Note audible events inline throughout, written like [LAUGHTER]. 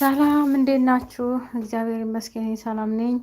ሰላም እንዴት ናችሁ? እግዚአብሔር ይመስገን ሰላም ነኝ።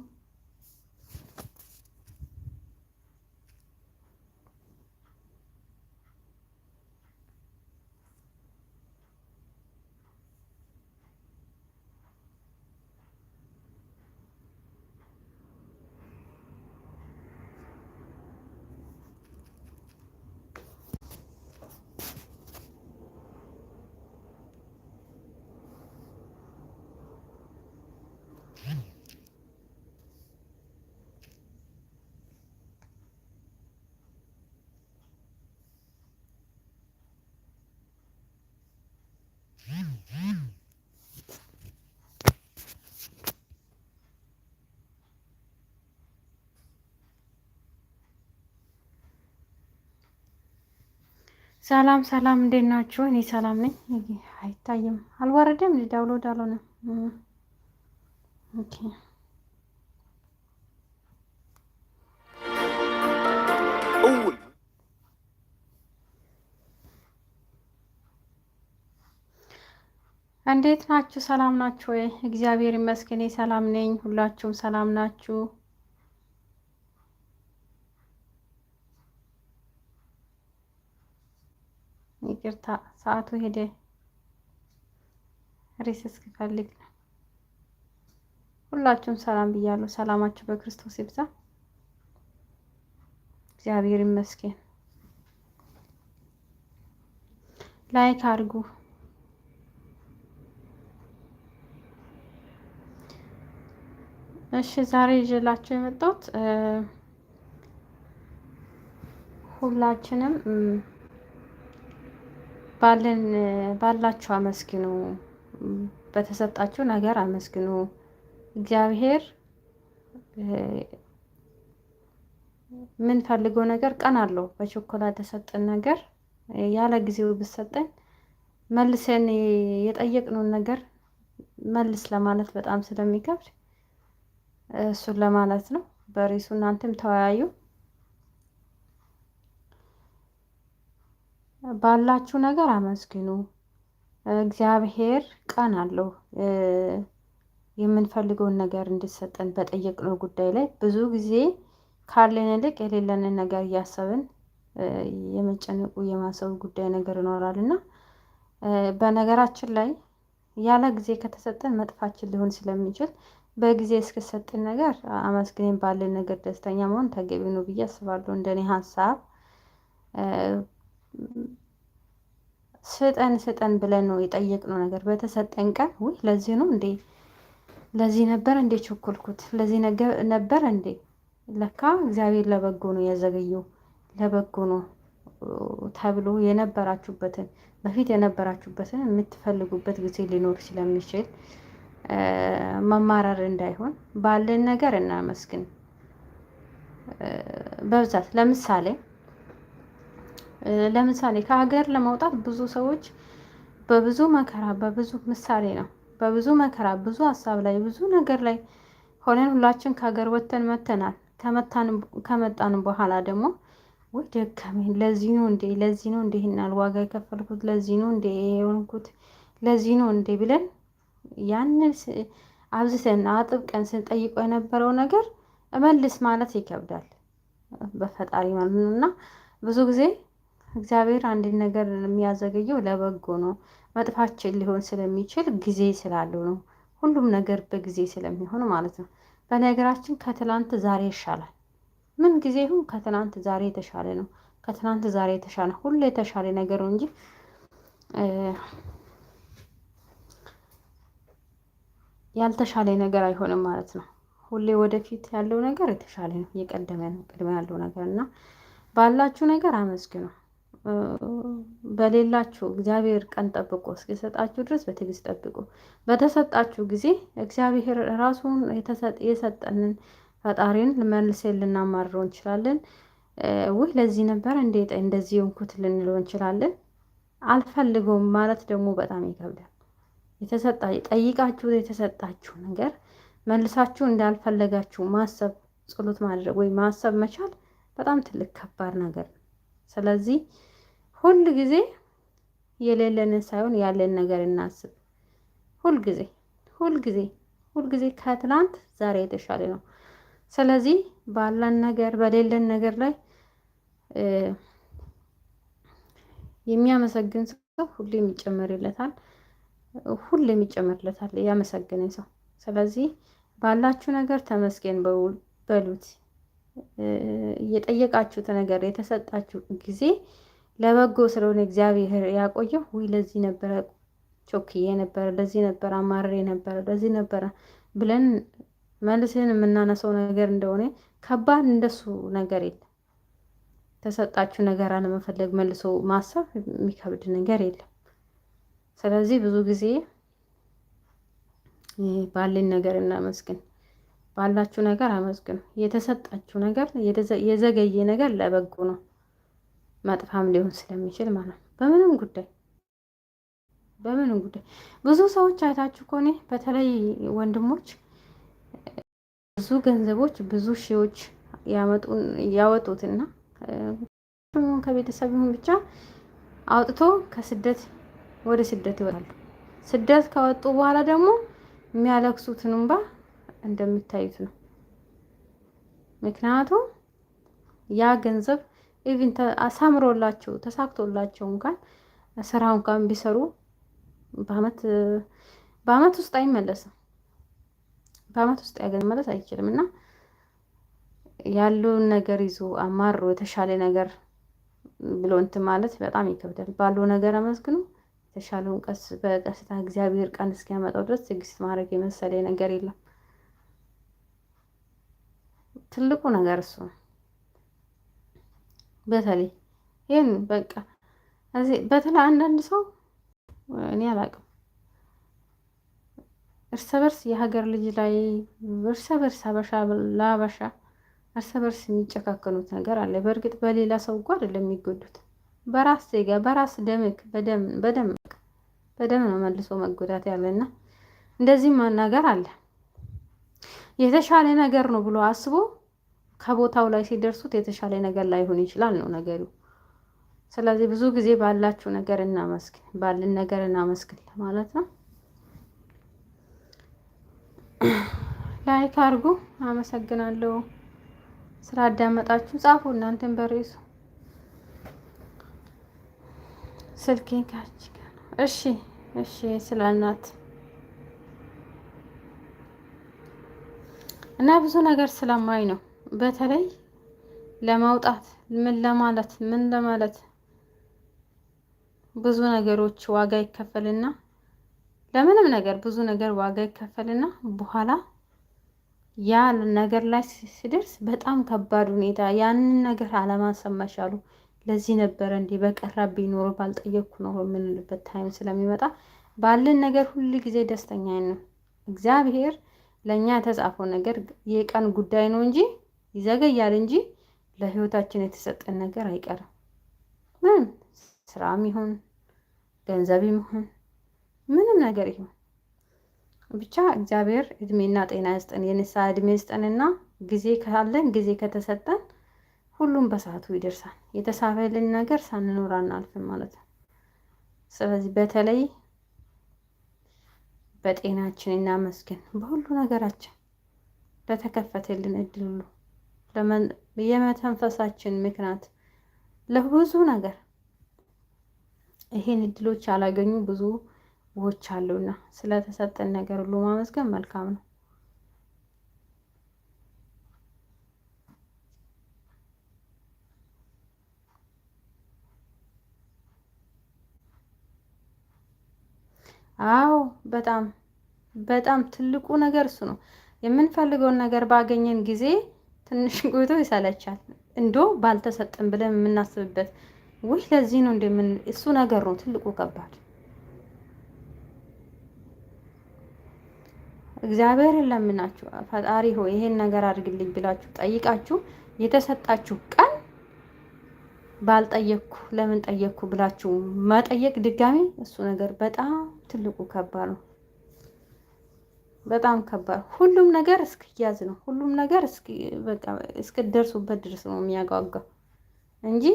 ሰላም ሰላም፣ እንዴት ናችሁ? እኔ ሰላም ነኝ። አይታይም፣ አልወረደም። ዳውንሎድ አልሆነ። ኦኬ እንዴት ናችሁ? ሰላም ናችሁ ወይ? እግዚአብሔር ይመስገን ሰላም ነኝ። ሁላችሁም ሰላም ናችሁ? ይቅርታ ሰዓቱ ሄደ። ሬስ እስክፈልግ ነው። ሁላችሁም ሰላም ብያለሁ። ሰላማችሁ በክርስቶስ ይብዛ። እግዚአብሔር ይመስገን። ላይክ አድርጉ። እሺ ዛሬ ይዤላችሁ የመጣሁት ሁላችንም ባለን ባላችሁ አመስግኑ፣ በተሰጣችሁ ነገር አመስግኑ። እግዚአብሔር የምንፈልገው ነገር ቀን አለው። በችኮላ የተሰጠን ነገር ያለ ጊዜው ብሰጠን መልሰን የጠየቅነውን ነገር መልስ ለማለት በጣም ስለሚከብድ እሱን ለማለት ነው። በርዕሱ እናንተም ተወያዩ። ባላችሁ ነገር አመስግኑ። እግዚአብሔር ቀን አለው የምንፈልገውን ነገር እንድሰጠን በጠየቅነው ጉዳይ ላይ ብዙ ጊዜ ካለን ይልቅ የሌለንን ነገር እያሰብን የመጨነቁ የማሰብ ጉዳይ ነገር ይኖራል እና በነገራችን ላይ ያለ ጊዜ ከተሰጠን መጥፋችን ሊሆን ስለሚችል በጊዜ እስከሰጠን ነገር አመስግነን ባለን ነገር ደስተኛ መሆን ተገቢ ነው ብዬ አስባለሁ። እንደኔ ሀሳብ ስጠን ስጠን ብለን ነው የጠየቅነው ነገር በተሰጠን ቀን ውይ ለዚህ ነው እንዴ ለዚህ ነበር እንዴ ቸኮልኩት ለዚህ ነበር እንዴ ለካ እግዚአብሔር ለበጎ ነው ያዘገየው ለበጎ ነው ተብሎ የነበራችሁበትን በፊት የነበራችሁበትን የምትፈልጉበት ጊዜ ሊኖር ስለሚችል መማረር እንዳይሆን ባለን ነገር እናመስግን በብዛት ለምሳሌ ለምሳሌ ከሀገር ለመውጣት ብዙ ሰዎች በብዙ መከራ በብዙ ምሳሌ ነው በብዙ መከራ ብዙ ሀሳብ ላይ ብዙ ነገር ላይ ሆነን ሁላችን ከሀገር ወተን መተናል። ከመጣን በኋላ ደግሞ ወይ ደከመኝ፣ ለዚህ ነው እንዴ ለዚህ ነው እንዴ ይህናል ዋጋ የከፈልኩት ለዚህ ነው እንዴ የሆንኩት ለዚህ ነው እንዴ ብለን ያንን አብዝተን አጥብቀን ስንጠይቀው የነበረው ነገር እመልስ ማለት ይከብዳል በፈጣሪ ማለት ነው እና ብዙ ጊዜ እግዚአብሔር አንድን ነገር የሚያዘገየው ለበጎ ነው። መጥፋችን ሊሆን ስለሚችል ጊዜ ስላለው ነው። ሁሉም ነገር በጊዜ ስለሚሆን ማለት ነው። በነገራችን ከትላንት ዛሬ ይሻላል። ምን ጊዜ ይሁን ከትላንት ዛሬ የተሻለ ነው። ከትላንት ዛሬ የተሻለ ሁሉ የተሻለ ነገር ነው እንጂ ያልተሻለ ነገር አይሆንም ማለት ነው። ሁሌ ወደፊት ያለው ነገር የተሻለ ነው። እየቀደመ ነው ቅድመ ያለው ነገር እና ባላችሁ ነገር አመስግኑ። በሌላችሁ እግዚአብሔር ቀን ጠብቆ እስኪሰጣችሁ ድረስ በትዕግስት ጠብቁ። በተሰጣችሁ ጊዜ እግዚአብሔር ራሱን የሰጠንን ፈጣሪን መልሴ ልናማርረው እንችላለን። ውህ ለዚህ ነበር እንዴት እንደዚህ የሆንኩት ልንለው እንችላለን። አልፈልገውም ማለት ደግሞ በጣም ይከብዳል። የተሰጣ ጠይቃችሁ የተሰጣችሁ ነገር መልሳችሁ እንዳልፈለጋችሁ ማሰብ ጸሎት ማድረግ ወይ ማሰብ መቻል በጣም ትልቅ ከባድ ነገር ነው። ስለዚህ ሁል ጊዜ የሌለንን ሳይሆን ያለን ነገር እናስብ። ሁል ጊዜ ሁል ጊዜ ሁል ጊዜ ከትላንት ዛሬ የተሻለ ነው። ስለዚህ ባለን ነገር በሌለን ነገር ላይ የሚያመሰግን ሰው ሁሌም ይጨመርለታል፣ ሁሌም ይጨመርለታል ያመሰገነ ሰው። ስለዚህ ባላችሁ ነገር ተመስገን በሉት። እየጠየቃችሁት ነገር የተሰጣችሁ ጊዜ ለበጎ ስለሆነ እግዚአብሔር ያቆየው። ውይ ለዚህ ነበረ ቾክዬ ነበረ፣ ለዚህ ነበረ አማርሬ ነበረ፣ ለዚህ ነበረ ብለን መልስን የምናነሰው ነገር እንደሆነ ከባድ እንደሱ ነገር የለም። ተሰጣችሁ ነገር አለመፈለግ መልሶ ማሰብ የሚከብድ ነገር የለም። ስለዚህ ብዙ ጊዜ ባለን ነገር እናመስግን፣ ባላችሁ ነገር አመስግኑ። የተሰጣችሁ ነገር የዘገየ ነገር ለበጎ ነው። መጥፋም ሊሆን ስለሚችል ማለት ነው። በምንም ጉዳይ በምንም ጉዳይ ብዙ ሰዎች አይታችሁ ከሆነ በተለይ ወንድሞች ብዙ ገንዘቦች ብዙ ሺዎች ያወጡትና ከቤተሰብ ይሁን ብቻ አውጥቶ ከስደት ወደ ስደት ይወጣሉ። ስደት ከወጡ በኋላ ደግሞ የሚያለቅሱትን እንባ እንደምታዩት ነው። ምክንያቱም ያ ገንዘብ ኢቭን አሳምሮላቸው ተሳክቶላቸው እንኳን ስራ እንኳን ቢሰሩ በአመት በአመት ውስጥ አይመለስም። በአመት ውስጥ ያገኝ መለስ አይችልም እና ያለውን ነገር ይዞ አማሮ የተሻለ ነገር ብሎ እንትን ማለት በጣም ይከብዳል። ባለው ነገር አመስግኑ። የተሻለውን ቀስ በቀስታ እግዚአብሔር ቀን እስኪያመጣው ድረስ ትዕግስት ማድረግ የመሰለ ነገር የለም። ትልቁ ነገር እሱ ነው። በተለይ ይህን በቃ በተለይ አንዳንድ ሰው እኔ አላውቅም እርሰ በርስ የሀገር ልጅ ላይ እርሰ በርስ ሀበሻ ለሀበሻ እርሰ በርስ የሚጨካከኑት ነገር አለ። በእርግጥ በሌላ ሰው እኮ አይደለም የሚጎዱት፣ በራስ ዜጋ በራስ ደምክ በደም በደም ነው መልሶ መጎዳት ያለና እንደዚህም ማናገር አለ የተሻለ ነገር ነው ብሎ አስቦ ከቦታው ላይ ሲደርሱት የተሻለ ነገር ላይሆን ይችላል ነው ነገሩ። ስለዚህ ብዙ ጊዜ ባላችሁ ነገር እናመስግን፣ ባልን ነገር እናመስግን ማለት ነው። ላይክ አድርጉ። አመሰግናለሁ ስላዳመጣችሁ። ጻፉ እናንተን በሬሱ ስልኬ ካች እሺ፣ እሺ ስለ እና ብዙ ነገር ስለማይ ነው በተለይ ለማውጣት ምን ለማለት ምን ለማለት ብዙ ነገሮች ዋጋ ይከፈልና ለምንም ነገር ብዙ ነገር ዋጋ ይከፈልና በኋላ ያ ነገር ላይ ሲደርስ በጣም ከባድ ሁኔታ ያንን ነገር አለማሰብ መቻሉ ለዚህ ነበረ እንዲህ በቀረብኝ ኖሮ ባልጠየቅኩ ኖሮ የምንልበት ታይም ስለሚመጣ ባለን ነገር ሁል ጊዜ ደስተኛ ነው። እግዚአብሔር ለእኛ የተጻፈው ነገር የቀን ጉዳይ ነው እንጂ ይዘገያል እንጂ ለህይወታችን የተሰጠን ነገር አይቀርም። ምን ስራም ይሁን ገንዘብም ይሁን ምንም ነገር ይሁን ብቻ እግዚአብሔር እድሜና ጤና ይስጠን፣ የንስሐ እድሜ ይስጠንና ጊዜ ካለን ጊዜ ከተሰጠን ሁሉም በሰዓቱ ይደርሳል። የተሳፈልን ነገር ሳንኖር አናልፍም ማለት ነው። ስለዚህ በተለይ በጤናችን እናመስግን፣ በሁሉ ነገራችን ለተከፈተልን እድል ሁሉ የመተንፈሳችን ምክንያት ለብዙ ነገር ይሄን እድሎች ያላገኙ ብዙ ዎች አሉና ስለተሰጠን ነገር ሁሉ ማመስገን መልካም ነው። አዎ በጣም በጣም ትልቁ ነገር እሱ ነው። የምንፈልገውን ነገር ባገኘን ጊዜ ትንሽ ቆይቶ ይሰለቻል። እንዶ ባልተሰጠን ብለን የምናስብበት ውይ፣ ለዚህ ነው እንደምን እሱ ነገር ነው ትልቁ ከባድ። እግዚአብሔር ለምናችሁ ፈጣሪ ሆይ ይሄን ነገር አድርግልኝ ብላችሁ ጠይቃችሁ የተሰጣችሁ ቀን ባልጠየቅኩ ለምን ጠየቅኩ ብላችሁ መጠየቅ ድጋሚ እሱ ነገር በጣም ትልቁ ከባድ ነው። በጣም ከባድ ሁሉም ነገር እስክያዝ ነው። ሁሉም ነገር እስክደርሱበት ድረስ ነው የሚያጓጓው እንጂ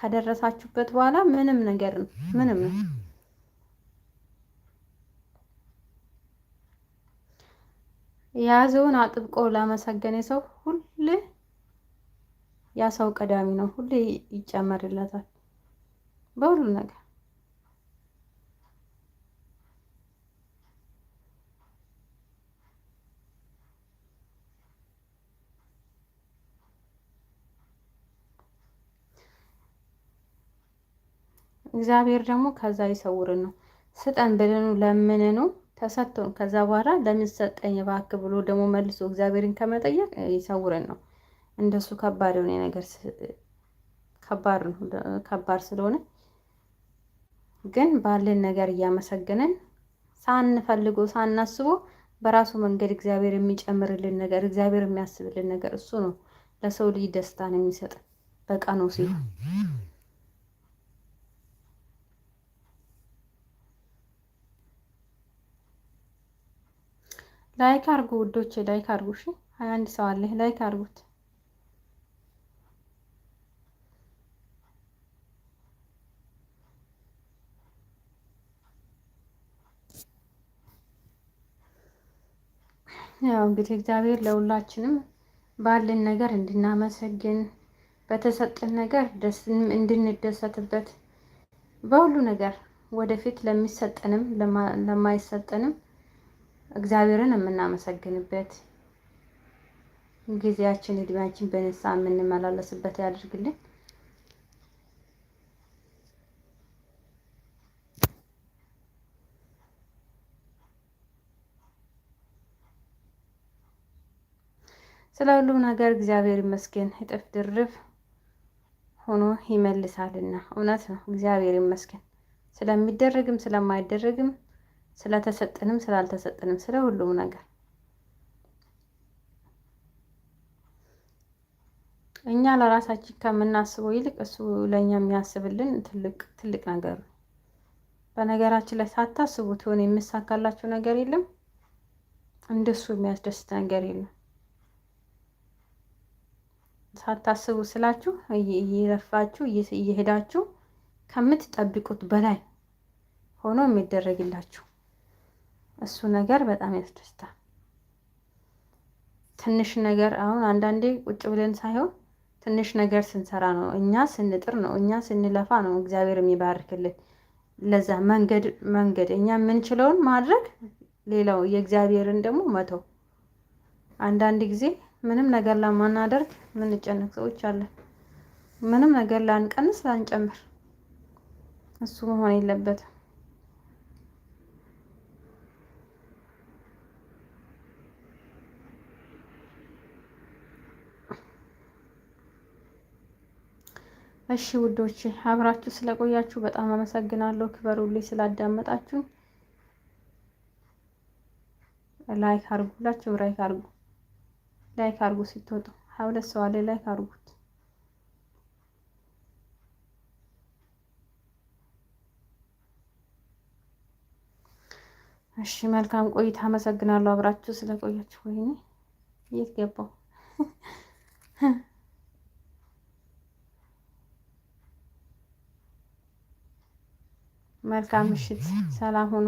ከደረሳችሁበት በኋላ ምንም ነገር ነው ምንም ነው። የያዘውን አጥብቆ ላመሰገነ ሰው ሁሌ ያ ሰው ቀዳሚ ነው፣ ሁሌ ይጨመርለታል በሁሉ ነገር። እግዚአብሔር ደግሞ ከዛ ይሰውርን ነው። ስጠን ብለኑ ለምንኑ ተሰጥቶን ከዛ በኋላ ለምን ሰጠኝ እባክህ ብሎ ደግሞ መልሶ እግዚአብሔርን ከመጠየቅ ይሰውርን ነው። እንደሱ ከባድ የሆነ ነገር ከባድ ነው። ከባድ ስለሆነ ግን ባለን ነገር እያመሰገንን ሳንፈልጎ ሳናስቦ በራሱ መንገድ እግዚአብሔር የሚጨምርልን ነገር እግዚአብሔር የሚያስብልን ነገር እሱ ነው ለሰው ልጅ ደስታን የሚሰጥ በቀኑ ሲሆን ላይክ አርጉ ውዶቼ፣ ላይክ አርጉ። እሺ ሀያ አንድ ሰው አለ፣ ላይክ አርጉት። ያው እንግዲህ እግዚአብሔር ለሁላችንም ባለን ነገር እንድናመሰግን በተሰጠን ነገር እንድንደሰትበት በሁሉ ነገር ወደፊት ለሚሰጠንም ለማይሰጠንም እግዚአብሔርን የምናመሰግንበት ጊዜያችን እድሜያችን በንሳ የምንመላለስበት ያድርግልን። ስለ ሁሉም ነገር እግዚአብሔር ይመስገን። እጥፍ ድርብ ሆኖ ይመልሳልና እውነት ነው። እግዚአብሔር ይመስገን ስለሚደረግም ስለማይደረግም ስለተሰጠንም ስላልተሰጠንም ስለ ሁሉም ነገር እኛ ለራሳችን ከምናስበው ይልቅ እሱ ለእኛ የሚያስብልን ትልቅ ትልቅ ነገር ነው። በነገራችን ላይ ሳታስቡት ሆነ የሚሳካላችሁ ነገር የለም። እንደሱ የሚያስደስት ነገር የለም። ሳታስቡ ስላችሁ እየለፋችሁ እየሄዳችሁ ከምትጠብቁት በላይ ሆኖ የሚደረግላችሁ እሱ ነገር በጣም ያስደስታል። ትንሽ ነገር አሁን አንዳንዴ ቁጭ ብለን ሳይሆን ትንሽ ነገር ስንሰራ ነው፣ እኛ ስንጥር ነው፣ እኛ ስንለፋ ነው እግዚአብሔር የሚባርክልን። ለዛ መንገድ መንገድ እኛ የምንችለውን ማድረግ፣ ሌላው የእግዚአብሔርን ደግሞ መተው። አንዳንድ ጊዜ ምንም ነገር ለማናደርግ የምንጨነቅ ሰዎች አለን። ምንም ነገር ላንቀንስ ላንጨምር፣ እሱ መሆን የለበትም። እሺ ውዶች አብራችሁ ስለቆያችሁ በጣም አመሰግናለሁ። ክበሩልኝ ስላዳመጣችሁ። ላይክ አርጉ፣ ሁላችሁም ላይክ አርጉ፣ ላይክ አርጉ። ስትወጡ ሀብለት ሰው አለ ላይክ አርጉት። እሺ መልካም ቆይታ። አመሰግናለሁ አብራችሁ ስለቆያችሁ። ወይኔ የት ገባው? [LAUGHS] መልካም ምሽት፣ ሰላም ሁኑ።